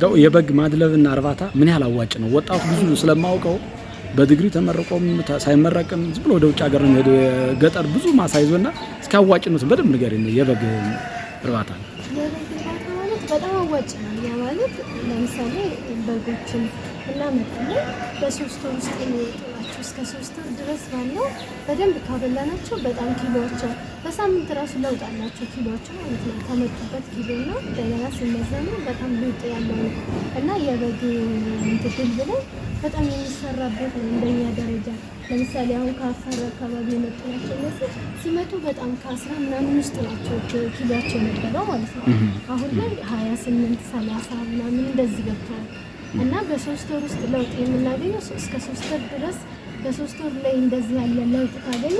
እንደው የበግ ማድለብና እርባታ ምን ያህል አዋጭ ነው? ወጣቱ ብዙ ስለማውቀው በዲግሪ ተመርቆም ሳይመረቅም ዝም ብሎ ወደ ውጭ ሀገር ነው ሄዶ ገጠር ብዙ ማሳ ይዞና እስከ አዋጭነቱ በደንብ ንገሪ። ነው የበግ እርባታ በጣም አዋጭ ነው። ያ ማለት ለምሳሌ በጎችን እና መጥለ በሶስት ውስጥ የሚወጡ ከሁለት እስከ ሶስት ወር ድረስ ባለው በደንብ ካበላናቸው በጣም ኪሎቸው በሳምንት ራሱ ለውጥ አላቸው። ኪሎቸው ማለት ነው ከመጡበት ኪሎ ነው ደገና ሲመዘኑ በጣም ለውጥ ያለው ነው እና የበግ ምትድል ብለን በጣም የሚሰራበት ነው። እንደኛ ደረጃ ለምሳሌ አሁን ከአፋር አካባቢ የመጡ ናቸው። እነዚህ ሲመጡ በጣም ከአስራ ምናምን ውስጥ ናቸው ኪሎቸው የነበረው ማለት ነው። አሁን ላይ ሀያ ስምንት ሰላሳ ምናምን እንደዚህ ገብተዋል። እና በሶስት ወር ውስጥ ለውጥ የምናገኘው እስከ ሶስት ወር ድረስ በሶስት ወር ላይ እንደዚህ ያለ ለውጥ ካገኘ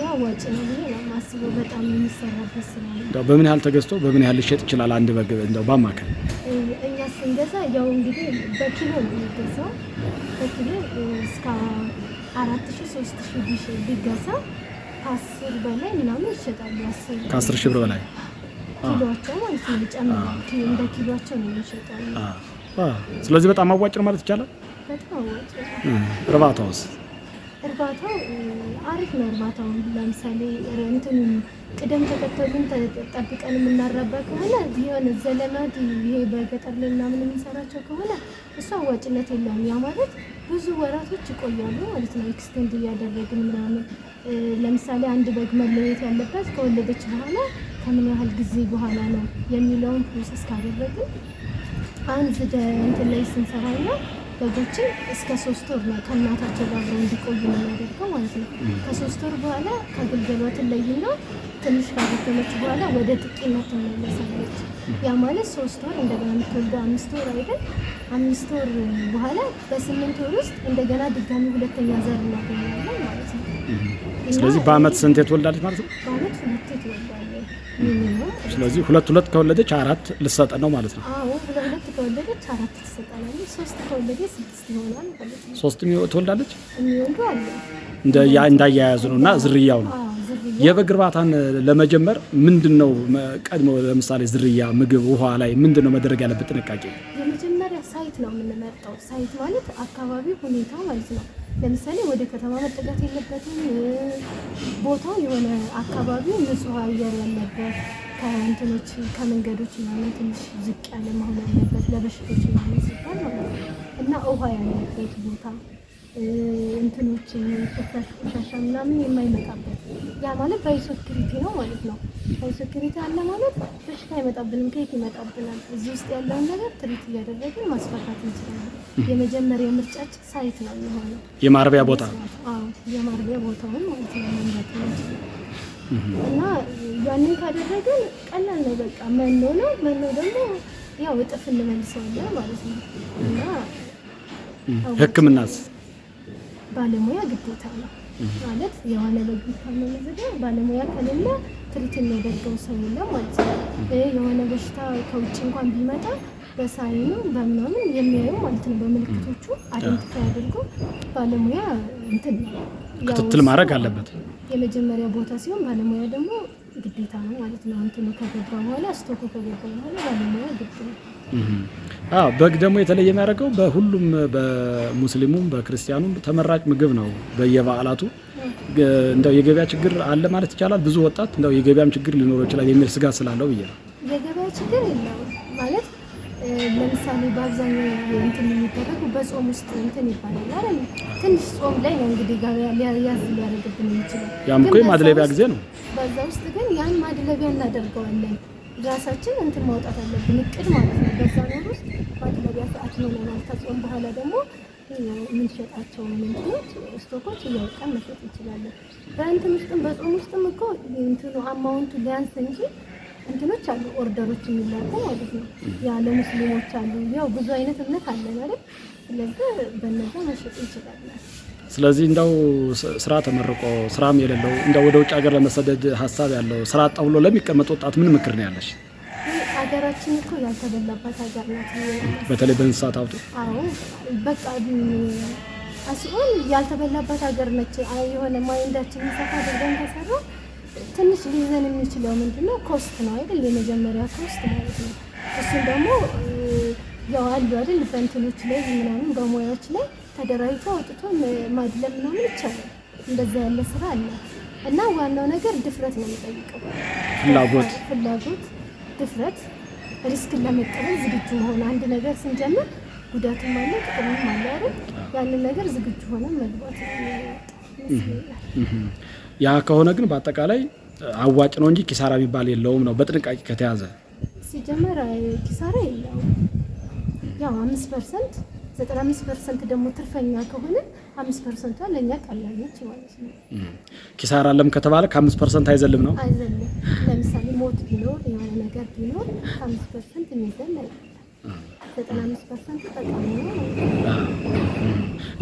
ያ ወጪ ነው ብዬ ነው የማስበው። በጣም የሚሰራበት ስላለ በምን ያህል ተገዝቶ በምን ያህል ልሸጥ ይችላል? አንድ በግ እንደው በአማካይ እኛ ስንገዛ ያው እንግዲህ በኪሎ ነው የሚገዛው። በኪሎ እስከ አራት ሺ ሶስት ሺ ቢገዛ ከአስር በላይ ምናምን ይሸጣሉ። ከአስር ሺ ብር በላይ ኪሎቸው ማለት ነው። ጨምራል እንደ ኪሎቸው ነው የሚሸጣሉ። ስለዚህ በጣም አዋጭ ነው ማለት ይቻላል። እርባታውስ? እርባታው አሪፍ ነው። እርባታው ለምሳሌ እንትን ቅደም ተከተሉን ጠብቀን የምናራባ ከሆነ የሆነ ዘለመድ ይሄ በገጠር ላይ የምንሰራቸው ከሆነ እሱ አዋጭነት የለውም። ያ ማለት ብዙ ወራቶች ይቆያሉ ማለት ነው። ኤክስቴንድ እያደረግን ምናምን ለምሳሌ አንድ በግ መለየት ያለበት ከወለደች በኋላ ከምን ያህል ጊዜ በኋላ ነው የሚለውን ፕሮሰስ ካደረግን አንድ እንትን ላይ ስንሰራ በጎችን እስከ ሶስት ወር ነው ከእናታቸው ጋር አብረው እንዲቆዩ የሚያደርገው ማለት ነው። ከሶስት ወር በኋላ ከግልገሏ ትለይና ትንሽ ካገገመች በኋላ ወደ ጥቂነት ትመለሳለች። ያ ማለት ሶስት ወር እንደገና የምትወልደው አምስት ወር አይደል? አምስት ወር በኋላ በስምንት ወር ውስጥ እንደገና ድጋሚ ሁለተኛ ዘር እናገኛለን ማለት ነው። ስለዚህ በአመት ስንት ትወልዳለች ማለት ነው? በአመት ሁለት ትወልዳለች። ስለዚህ ሁለት ሁለት ከወለደች አራት ልሰጠ ነው ማለት ነው። አራት ሶስት ከወለደ ስድስት ይሆናል ሶስት ትወልዳለች። የሚወልዱ አለ እንዳያያዙ ነው እና ዝርያው ነው። የበግ እርባታን ለመጀመር ምንድን ነው ቀድሞ ለምሳሌ ዝርያ፣ ምግብ፣ ውሃ ላይ ምንድን ነው መደረግ ያለበት ጥንቃቄ? የመጀመሪያ ሳይት ነው የምንመርጠው። ሳይት ማለት አካባቢ ሁኔታ ማለት ነው። ለምሳሌ ወደ ከተማ መጠጋት የለበትም። ቦታ የሆነ አካባቢ ንጹህ አየር ያለበት ከእንትኖች ከመንገዶች ምናምን ትንሽ ዝቅ ያለ መሆን ያለበት ለበሽቶች ምናምን ሲባል ማለት ነው። እና ውሃ ያለበት ቦታ እንትኖች ፍሳሽ ቆሻሻ ምናምን የማይመጣበት ያ ማለት ባይሶክሪቲ ነው ማለት ነው። ባይሶክሪቲ አለ ማለት በሽታ አይመጣብንም። ከየት ይመጣብናል? እዚህ ውስጥ ያለውን ነገር ትሪት እያደረግን ማስፋፋት እንችላለን። የመጀመሪያ ምርጫች ሳይት ነው የሆነ የማርቢያ ቦታ የማርቢያ ቦታውን ማለት ነው መንዳት ነው እና ያንን ካደረግን ቀላል ነው። በቃ መኖ ነው። መኖ ደግሞ ያው እጥፍ እንመልሰዋለን ማለት ነው። እና ሕክምናስ ባለሙያ ግዴታ ነው ማለት የሆነ በግታ መመዘገ ባለሙያ ከሌለ ትሪት የሚያደርገው ሰው የለም ማለት ነው። የሆነ በሽታ ከውጭ እንኳን ቢመጣ በሳይኑ በምናምን የሚያዩ ማለት ነው። በምልክቶቹ አይደንቲፋይ አድርጎ ባለሙያ እንትን ክትትል ማድረግ አለበት። የመጀመሪያ ቦታ ሲሆን ባለሙያ ደግሞ ግዴታ ነው ማለት ነው። እንትኑ ከገባ በኋላ ስቶኩ ከገባ በኋላ ባለሙያ ግድ ነው። በግ ደግሞ የተለየ የሚያደርገው በሁሉም በሙስሊሙም በክርስቲያኑም ተመራጭ ምግብ ነው። በየበዓላቱ እንደው የገበያ ችግር አለ ማለት ይቻላል። ብዙ ወጣት እንደው የገበያም ችግር ሊኖረው ይችላል የሚል ስጋት ስላለው ብዬ ነው። የገበያ ችግር የለውም ማለት ለምሳሌ በአብዛኛው እንትን የሚደረጉ በጾም ውስጥ እንትን ይባላል አይደል? ትንሽ ጾም ላይ ነው እንግዲህ ገበያ ሊያዝ ሊያደርግብን ይችላል። ያም እኮ የማድለቢያ ጊዜ ነው። በዛ ውስጥ ግን ያን ማድለቢያ እናደርገዋለን። ራሳችን እንትን ማውጣት አለብን፣ እቅድ ማለት ነው። በዛ ኖር ውስጥ ማድለቢያ ሰዓት ይሆነናል። ከጾም በኋላ ደግሞ የምንሸጣቸው ምንትኖች ስቶኮች እያወጣን መሸጥ ይችላለን። በእንትን ውስጥም በጾም ውስጥም እኮ እንትኑ አማውንቱ ሊያንስ እንጂ እንትኖች አሉ ኦርደሮች የሚላቁ ማለት ነው። ያ ለሙስሊሞች አሉ። ያው ብዙ አይነት እምነት አለ ማለት ስለዚህ በነዛ መሸጥ ይችላል። ስለዚህ እንደው ስራ ተመርቆ ስራም የሌለው እንደው ወደ ውጭ ሀገር ለመሰደድ ሀሳብ ያለው ስራ አጣ ብሎ ለሚቀመጥ ወጣት ምን ምክር ነው ያለሽ? ሀገራችን እኮ ያልተበላባት ሀገር ናት። በተለይ በእንስሳት ሀብቱ አዎ፣ በቃ አስሆን ያልተበላባት ሀገር ነች። የሆነ ማይንዳችን ሰፋ አድርገን ተሰራ ትንሽ ሊይዘን የሚችለው ምንድን ነው? ኮስት ነው አይደል? የመጀመሪያ ኮስት ማለት ነው። እሱም ደግሞ ያው አሉ አይደል? በእንትኖች ላይ ምናምን በሙያዎች ላይ ተደራጅቶ አውጥቶ ማድለም ምናምን ይቻላል። እንደዛ ያለ ስራ አለ እና ዋናው ነገር ድፍረት ነው የሚጠይቀው። ፍላጎት ፍላጎት፣ ድፍረት፣ ሪስክን ለመቀበል ዝግጁ መሆን። አንድ ነገር ስንጀምር ጉዳትም አለ ጥቅምም አለ አይደል? ያንን ነገር ዝግጁ ሆነ መግባት ያ ከሆነ ግን በአጠቃላይ አዋጭ ነው እንጂ ኪሳራ የሚባል የለውም ነው በጥንቃቄ ከተያዘ። ሲጀመር ኪሳራ የለውም። ያው አምስት ፐርሰንት ዘጠና አምስት ፐርሰንት ደግሞ ትርፈኛ ከሆነ አምስት ፐርሰንቷ ለእኛ ቀላል ነች ማለት ነው። ኪሳራ አለም ከተባለ ከአምስት ፐርሰንት አይዘልም ነው አይዘልም። ለምሳሌ ሞት ቢኖር የሆነ ነገር ቢኖር ከአምስት ፐርሰንት የሚዘል አይደለም። ዘጠና አምስት ፐርሰንት ጠቃሚ ነው።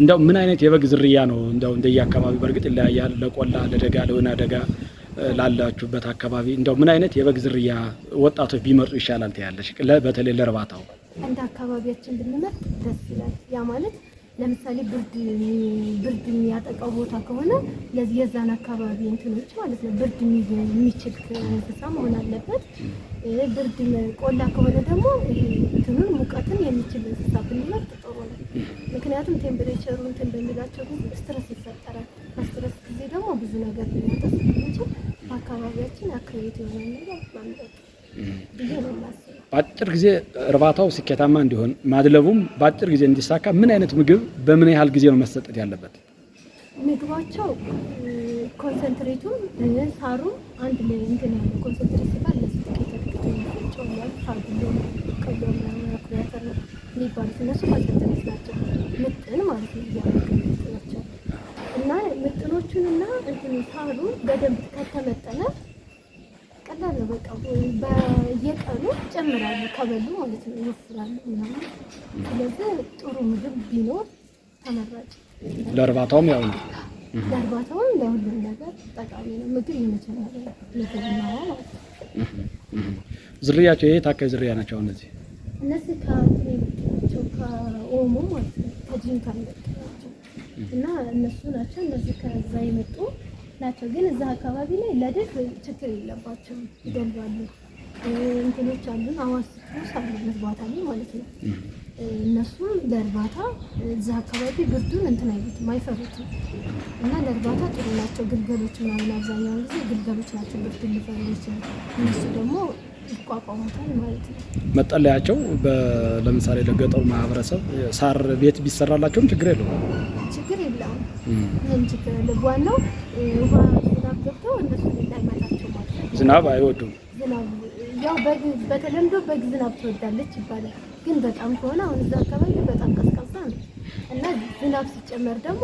እንደው ምን አይነት የበግ ዝርያ ነው እንደው እንደየ አካባቢ በእርግጥ ይለያያል። ለቆላ፣ ለደጋ፣ ለወይና ደጋ ላላችሁበት አካባቢ እንደው ምን አይነት የበግ ዝርያ ወጣቶች ቢመርጡ ይሻላል ትያለሽ? በተለይ ለእርባታው እንደ አካባቢያችን ብንመርጥ ደስ ይላል። ያ ማለት ለምሳሌ ብርድ ብርድ የሚያጠቃው ቦታ ከሆነ ለዚህ የዛን አካባቢ እንትኖች ማለት ነው። ብርድ የሚችል እንስሳ መሆን አለበት። ብርድ ቆላ ከሆነ ደግሞ እንትኑን ሙቀትን የሚችል እንስሳ ብንመርጥ ጥሩ ነው። ምክንያቱም ቴምፕሬቸሩ እንትን በሚላቸው ጊዜ ስትረስ ይፈጠራል። በስትረስ ጊዜ ደግሞ ብዙ ነገር ሊመጠስ አካባቢያችን አክሬት የሆነ ነገር ማምረት በአጭር ጊዜ እርባታው ስኬታማ እንዲሆን ማድለቡም በአጭር ጊዜ እንዲሳካ ምን አይነት ምግብ በምን ያህል ጊዜ ነው መሰጠት ያለበት? ምግባቸው ኮንሰንትሬቱ ሳሩ አንድ ላይ እንትን ያለ ኮንሰንትሬት ጋር የሚባሉት እነሱ ኮንሰንትሬት ናቸው። ምጥን ማለት ነው ናቸው ምጥኖቹንና እንትን ሳህሉን በደንብ ከተመጠነ ቀላል ነው። በቃ በየቀኑ ጨምራሉ ከበሉ ማለት ነው ይወፍራሉ ምናምን። ስለዚህ ጥሩ ምግብ ቢኖር ተመራጭ፣ ለእርባታውም ያው ነው ለእርባታውም ለሁሉም ነገር ጠቃሚ ነው። ምግብ የመጀመሪያ ምግብና ነው። ዝርያቸው ይሄ ታካይ ዝርያ ናቸው እነዚህ እነዚህ ከኦሞ ማለት ነው እና እነሱ ናቸው እነዚህ ከዛ የመጡ ናቸው። ግን እዛ አካባቢ ላይ ለደግ ችግር የለባቸው ይገልባሉ። እንትኖች አሉን አዋስ አሉ እርባታ ላይ ማለት ነው። እነሱም ለእርባታ እዛ አካባቢ ግርዱን እንትን አይሉትም አይፈሩትም፣ እና ለእርባታ ጥሩ ናቸው። ግልገሎች ምናምን አብዛኛውን ጊዜ ግልገሎች ናቸው ግርዱን ሊፈሩ ይችላል። እነሱ ደግሞ ይቋቋሙታል ማለት መጠለያቸው ለምሳሌ ለገጠሩ ማህበረሰብ ሳር ቤት ቢሰራላቸውም ችግር የለውም። ዝናብ ዝናብ አይወዱም። ያው በግ በተለምዶ በግ ዝናብ ትወዳለች ይባላል። ግን በጣም ከሆነ አሁን እዛ አካባቢ በጣም ቀዝቃዛ ነው እና ዝናብ ሲጨመር ደግሞ